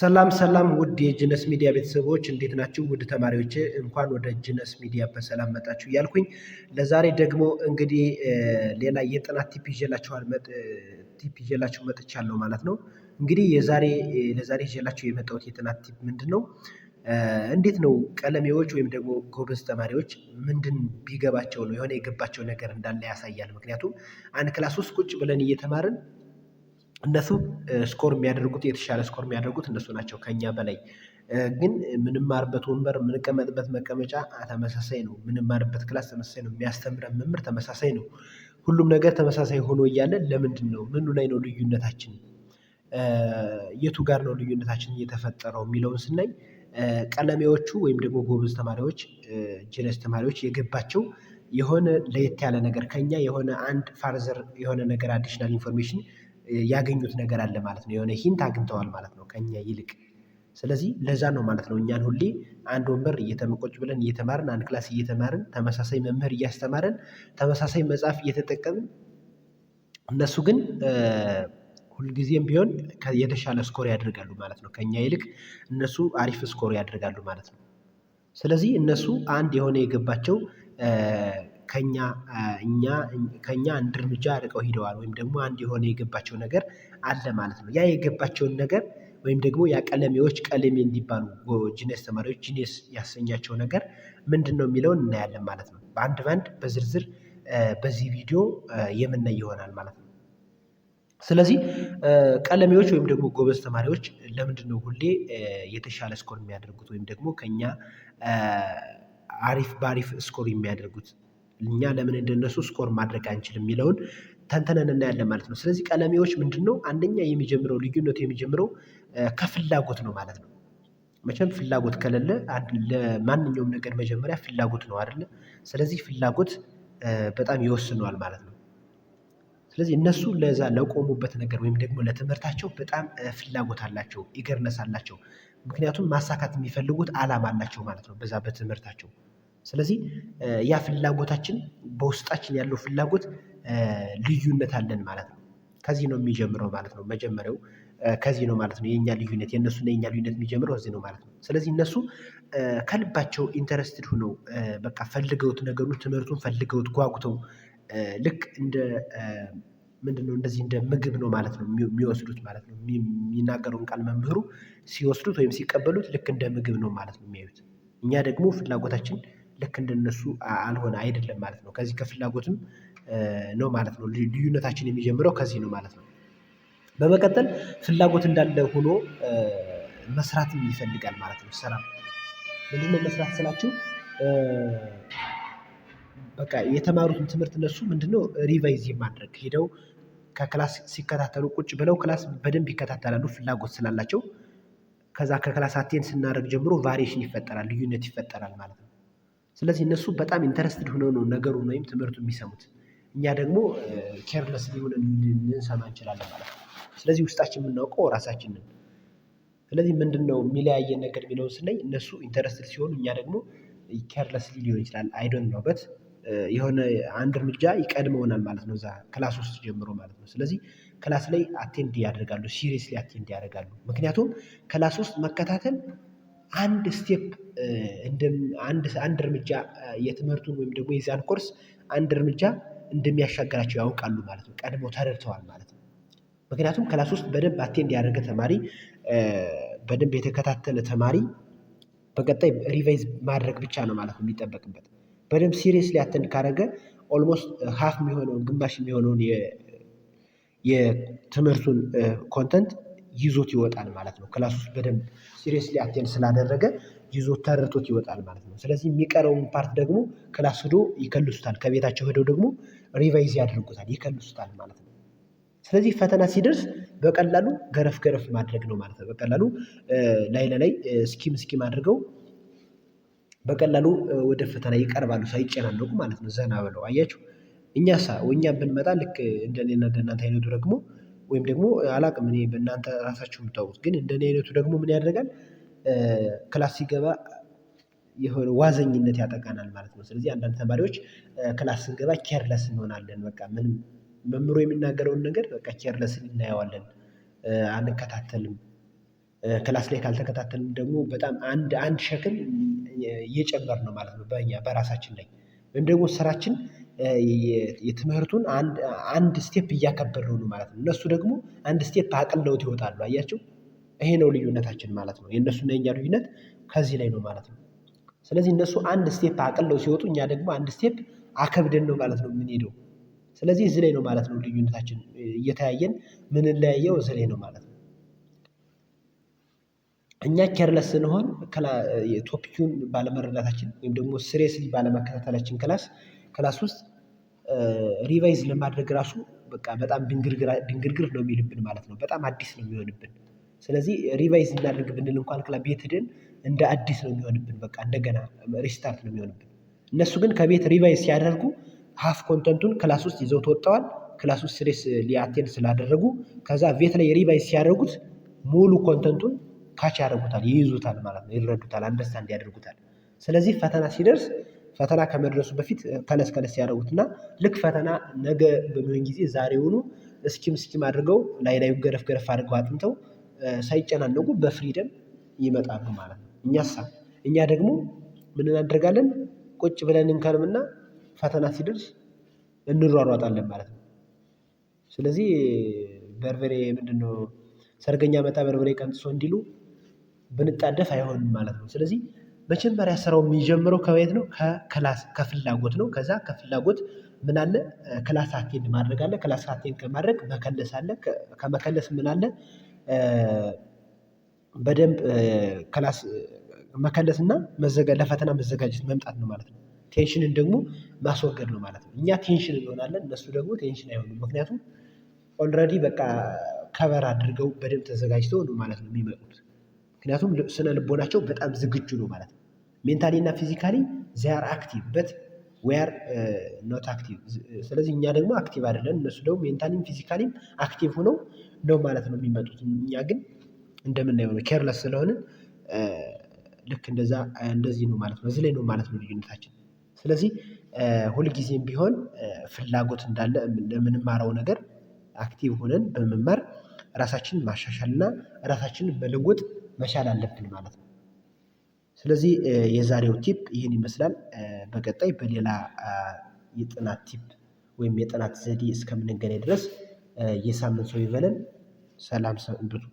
ሰላም ሰላም ውድ የጂነስ ሚዲያ ቤተሰቦች እንዴት ናችሁ? ውድ ተማሪዎች እንኳን ወደ ጂነስ ሚዲያ በሰላም መጣችሁ እያልኩኝ ለዛሬ ደግሞ እንግዲህ ሌላ የጥናት ቲፕ ይዤላችኋል ቲፕ ይዤላችሁ መጥቻለሁ ማለት ነው። እንግዲህ የዛሬ ለዛሬ ይዤላችሁ የመጣሁት የጥናት ቲፕ ምንድን ነው? እንዴት ነው ቀለሜዎች ወይም ደግሞ ጎበዝ ተማሪዎች ምንድን ቢገባቸው ነው የሆነ የገባቸው ነገር እንዳለ ያሳያል። ምክንያቱም አንድ ክላስ ውስጥ ቁጭ ብለን እየተማርን እነሱ ስኮር የሚያደርጉት የተሻለ ስኮር የሚያደርጉት እነሱ ናቸው ከኛ በላይ። ግን የምንማርበት ወንበር የምንቀመጥበት መቀመጫ ተመሳሳይ ነው የምንማርበት ክላስ ተመሳሳይ ነው የሚያስተምረን መምህር ተመሳሳይ ነው። ሁሉም ነገር ተመሳሳይ ሆኖ እያለ ለምንድነው ምኑ ላይ ነው ልዩነታችን? የቱ ጋር ነው ልዩነታችን የተፈጠረው የሚለውን ስናይ። ቀለሜዎቹ ወይም ደግሞ ጎበዝ ተማሪዎች ጅነስ ተማሪዎች የገባቸው የሆነ ለየት ያለ ነገር ከኛ የሆነ አንድ ፋርዘር የሆነ ነገር አዲሽናል ኢንፎርሜሽን ያገኙት ነገር አለ ማለት ነው። የሆነ ሂንት አግኝተዋል ማለት ነው ከኛ ይልቅ። ስለዚህ ለዛ ነው ማለት ነው እኛን ሁሌ አንድ ወንበር እየተመቆጭ ብለን እየተማርን አንድ ክላስ እየተማርን ተመሳሳይ መምህር እያስተማረን ተመሳሳይ መጽሐፍ እየተጠቀምን እነሱ ግን ሁልጊዜም ቢሆን የተሻለ ስኮር ያደርጋሉ ማለት ነው ከኛ ይልቅ እነሱ አሪፍ ስኮር ያደርጋሉ ማለት ነው። ስለዚህ እነሱ አንድ የሆነ የገባቸው ከኛ አንድ እርምጃ ርቀው ሂደዋል ወይም ደግሞ አንድ የሆነ የገባቸው ነገር አለ ማለት ነው። ያ የገባቸውን ነገር ወይም ደግሞ ያ ቀለሜዎች ቀለሜ እንዲባሉ ጂነስ ተማሪዎች ጂነስ ያሰኛቸው ነገር ምንድነው የሚለውን እናያለን ማለት ነው። በአንድ በአንድ በዝርዝር በዚህ ቪዲዮ የምናይ ይሆናል ማለት ነው። ስለዚህ ቀለሜዎች ወይም ደግሞ ጎበዝ ተማሪዎች ለምንድነው ሁሌ የተሻለ ስኮር የሚያደርጉት ወይም ደግሞ ከኛ አሪፍ በአሪፍ ስኮር የሚያደርጉት እኛ ለምን እንደነሱ ስኮር ማድረግ አንችልም የሚለውን ተንተነን እናያለን ማለት ነው። ስለዚህ ቀለሜዎች ምንድን ነው? አንደኛ የሚጀምረው ልዩነቱ የሚጀምረው ከፍላጎት ነው ማለት ነው። መቼም ፍላጎት ከሌለ ለማንኛውም ነገር መጀመሪያ ፍላጎት ነው አይደለ? ስለዚህ ፍላጎት በጣም ይወስነዋል ማለት ነው። ስለዚህ እነሱ ለዛ ለቆሙበት ነገር ወይም ደግሞ ለትምህርታቸው በጣም ፍላጎት አላቸው፣ ኢገርነስ አላቸው። ምክንያቱም ማሳካት የሚፈልጉት አላማ አላቸው ማለት ነው በዛ በትምህርታቸው ስለዚህ ያ ፍላጎታችን በውስጣችን ያለው ፍላጎት ልዩነት አለን ማለት ነው። ከዚህ ነው የሚጀምረው ማለት ነው። መጀመሪያው ከዚህ ነው ማለት ነው። የኛ ልዩነት የእነሱና የኛ ልዩነት የሚጀምረው እዚህ ነው ማለት ነው። ስለዚህ እነሱ ከልባቸው ኢንተረስትድ ሆነው በቃ ፈልገውት ነገሩ ትምህርቱን ፈልገውት ጓጉተው ልክ እንደ ምንድነው እንደዚህ እንደ ምግብ ነው ማለት ነው የሚወስዱት ማለት ነው። የሚናገረውን ቃል መምህሩ ሲወስዱት ወይም ሲቀበሉት ልክ እንደ ምግብ ነው ማለት ነው የሚያዩት። እኛ ደግሞ ፍላጎታችን ልክ እንደነሱ አልሆነ አይደለም ማለት ነው። ከዚህ ከፍላጎትም ነው ማለት ነው። ልዩነታችን የሚጀምረው ከዚህ ነው ማለት ነው። በመቀጠል ፍላጎት እንዳለ ሆኖ መስራትም ይፈልጋል ማለት ነው። ስራ ምንድነው መስራት ስላችሁ በቃ የተማሩትን ትምህርት እነሱ ምንድነው ሪቫይዝ የማድረግ ሄደው ከክላስ ሲከታተሉ ቁጭ ብለው ክላስ በደንብ ይከታተላሉ ፍላጎት ስላላቸው። ከዛ ከክላስ አቴን ስናደርግ ጀምሮ ቫሪዬሽን ይፈጠራል፣ ልዩነት ይፈጠራል ማለት ነው። ስለዚህ እነሱ በጣም ኢንተረስትድ ሆነው ነው ነገሩን ወይም ትምህርቱ የሚሰሙት። እኛ ደግሞ ኬርለስ ሊሆን ልንሰማ እንችላለን ማለት ነው። ስለዚህ ውስጣችን የምናውቀው ራሳችንን። ስለዚህ ምንድን ነው የሚለያየን ነገር የሚለው ስናይ እነሱ ኢንተረስትድ ሲሆኑ፣ እኛ ደግሞ ኬርለስ ሊሆን ይችላል አይዶን ነው በት የሆነ አንድ እርምጃ ይቀድመውናል ማለት ነው። እዛ ክላስ ውስጥ ጀምሮ ማለት ነው። ስለዚህ ክላስ ላይ አቴንድ ያደርጋሉ፣ ሲሪየስሊ አቴንድ ያደርጋሉ። ምክንያቱም ክላስ ውስጥ መከታተል አንድ ስቴፕ አንድ አንድ እርምጃ የትምህርቱን ወይም ደግሞ የዛን ኮርስ አንድ እርምጃ እንደሚያሻገራቸው ያውቃሉ ማለት ነው። ቀድሞ ተረድተዋል ማለት ነው። ምክንያቱም ክላስ ውስጥ በደንብ አቴንድ ያደረገ ተማሪ በደንብ የተከታተለ ተማሪ በቀጣይ ሪቫይዝ ማድረግ ብቻ ነው ማለት ነው የሚጠበቅበት። በደንብ ሲሪየስሊ አቴንድ ካደረገ ኦልሞስት ሀፍ የሚሆነውን ግማሽ የሚሆነውን የትምህርቱን ኮንተንት ይዞት ይወጣል ማለት ነው። ክላስ ውስጥ በደንብ ሲሪየስሊ አቴንድ ስላደረገ ይዞት ተረድቶት ይወጣል ማለት ነው። ስለዚህ የሚቀረውን ፓርት ደግሞ ክላስ ሄዶ ይከልሱታል። ከቤታቸው ሄደው ደግሞ ሪቫይዝ ያደርጉታል፣ ይከልሱታል ማለት ነው። ስለዚህ ፈተና ሲደርስ በቀላሉ ገረፍ ገረፍ ማድረግ ነው ማለት ነው። በቀላሉ ላይ ለላይ ስኪም ስኪም አድርገው በቀላሉ ወደ ፈተና ይቀርባሉ፣ ሳይጨናነቁ ማለት ነው። ዘና ብለው አያችሁ። ሳ እኛ ብንመጣ ልክ እንደኔና እንደናንተ አይነቱ ደግሞ ወይም ደግሞ አላቅም እኔ በእናንተ ራሳችሁ የምታውቁት ግን እንደኔ አይነቱ ደግሞ ምን ያደርጋል? ክላስ ሲገባ የሆነ ዋዘኝነት ያጠቃናል ማለት ነው። ስለዚህ አንዳንድ ተማሪዎች ክላስ ስንገባ ኬርለስ እንሆናለን በቃ ምንም መምህሩ የሚናገረውን ነገር በቃ ኬርለስ እናየዋለን አንከታተልም። ክላስ ላይ ካልተከታተልን ደግሞ በጣም አንድ አንድ ሸክም እየጨመርን ነው ማለት ነው። በእኛ በራሳችን ላይ ወይም ደግሞ ስራችን የትምህርቱን አንድ ስቴፕ እያከበድነው ነው ማለት ነው። እነሱ ደግሞ አንድ ስቴፕ አቅለውት ይወጣሉ አያቸው ይሄ ነው ልዩነታችን ማለት ነው። የእነሱና የኛ ልዩነት ከዚህ ላይ ነው ማለት ነው። ስለዚህ እነሱ አንድ ስቴፕ አቅለው ሲወጡ እኛ ደግሞ አንድ ስቴፕ አከብደን ነው ማለት ነው የምንሄደው። ስለዚህ እዚህ ላይ ነው ማለት ነው ልዩነታችን እየተያየን ምንለያየው እዚህ ላይ ነው ማለት ነው። እኛ ኬርለስ ስንሆን ቶፒኩን ባለመረዳታችን ወይም ደግሞ ስሬስ ባለመከታተላችን ክላስ ክላስ ውስጥ ሪቫይዝ ለማድረግ ራሱ በቃ በጣም ድንግርግር ነው የሚልብን ማለት ነው። በጣም አዲስ ነው የሚሆንብን። ስለዚህ ሪቫይዝ እናደርግ ብንል እንኳን ክላ ቤት ሄደን እንደ አዲስ ነው የሚሆንብን በቃ እንደገና ሪስታርት ነው የሚሆንብን። እነሱ ግን ከቤት ሪቫይዝ ሲያደርጉ ሀፍ ኮንተንቱን ክላስ ውስጥ ይዘው ተወጥተዋል። ክላስ ውስጥ ስሬስ ሊአቴንድ ስላደረጉ ከዛ ቤት ላይ ሪቫይዝ ሲያደርጉት ሙሉ ኮንተንቱን ካች ያደርጉታል፣ ይይዙታል ማለት ነው፣ ይረዱታል፣ አንደርስታንድ ያደርጉታል። ስለዚህ ፈተና ሲደርስ ፈተና ከመድረሱ በፊት ከለስ ከለስ እና ልክ ፈተና ነገ በሚሆን ጊዜ ዛሬውኑ እስኪም እስኪም አድርገው ላይ ላዩ ገረፍ ገረፍ አድርገው አጥንተው ሳይጨናነቁ በፍሪደም ይመጣሉ ማለት ነው። እኛሳ እኛ ደግሞ ምን እናደርጋለን? ቁጭ ብለን እንከርምና ፈተና ሲደርስ እንሯሯጣለን ማለት ነው። ስለዚህ በርበሬ ምንድነው? ሰርገኛ መጣ በርበሬ ቀንጥሶ እንዲሉ ብንጣደፍ አይሆንም ማለት ነው። ስለዚህ መጀመሪያ ስራው የሚጀምረው ከየት ነው? ከክላስ ከፍላጎት ነው። ከዛ ከፍላጎት ምን አለ ክላስ አቴንድ ማድረግ አለ። ክላስ አቴንድ ከማድረግ መከለስ አለ። ከመከለስ ምን አለ? በደንብ ክላስ መከለስ እና ለፈተና መዘጋጀት መምጣት ነው ማለት ነው። ቴንሽንን ደግሞ ማስወገድ ነው ማለት ነው። እኛ ቴንሽን እንሆናለን እነሱ ደግሞ ቴንሽን አይሆኑም። ምክንያቱም ኦልረዲ በቃ ከበር አድርገው በደንብ ተዘጋጅተው ነው ማለት ነው የሚመጡት ምክንያቱም ስነ ልቦናቸው በጣም ዝግጁ ነው ማለት ነው። ሜንታሊ እና ፊዚካሊ ዚያር አክቲቭ በት ዌር ኖት አክቲቭ። ስለዚህ እኛ ደግሞ አክቲቭ አይደለን፣ እነሱ ደግሞ ሜንታሊም ፊዚካሊም አክቲቭ ሆነው ነው ማለት ነው የሚመጡት። እኛ ግን እንደምናየው ነው ኬርለስ ስለሆንን uh, ልክ እንደዛ እንደዚህ ነው ማለት ነው። እዚህ ላይ ነው ማለት ነው ልዩነታችን። ስለዚህ uh, ሁልጊዜም ቢሆን uh, ፍላጎት እንዳለ ለምንማረው ነገር አክቲቭ ሆነን በመማር ራሳችንን ማሻሻልና ራሳችንን መለወጥ መቻል አለብን ማለት ነው። ስለዚህ የዛሬው ቲፕ ይህን ይመስላል። በቀጣይ በሌላ የጥናት ቲፕ ወይም የጥናት ዘዴ እስከምንገናኝ ድረስ የሳምንት ሰው ይበለን። ሰላም ሰንብቱ።